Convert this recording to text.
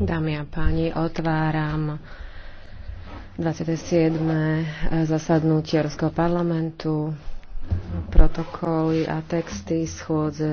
Dámy a páni, otváram 27. Eh, zasadnutie Európskeho parlamentu, protokoly a texty schôdze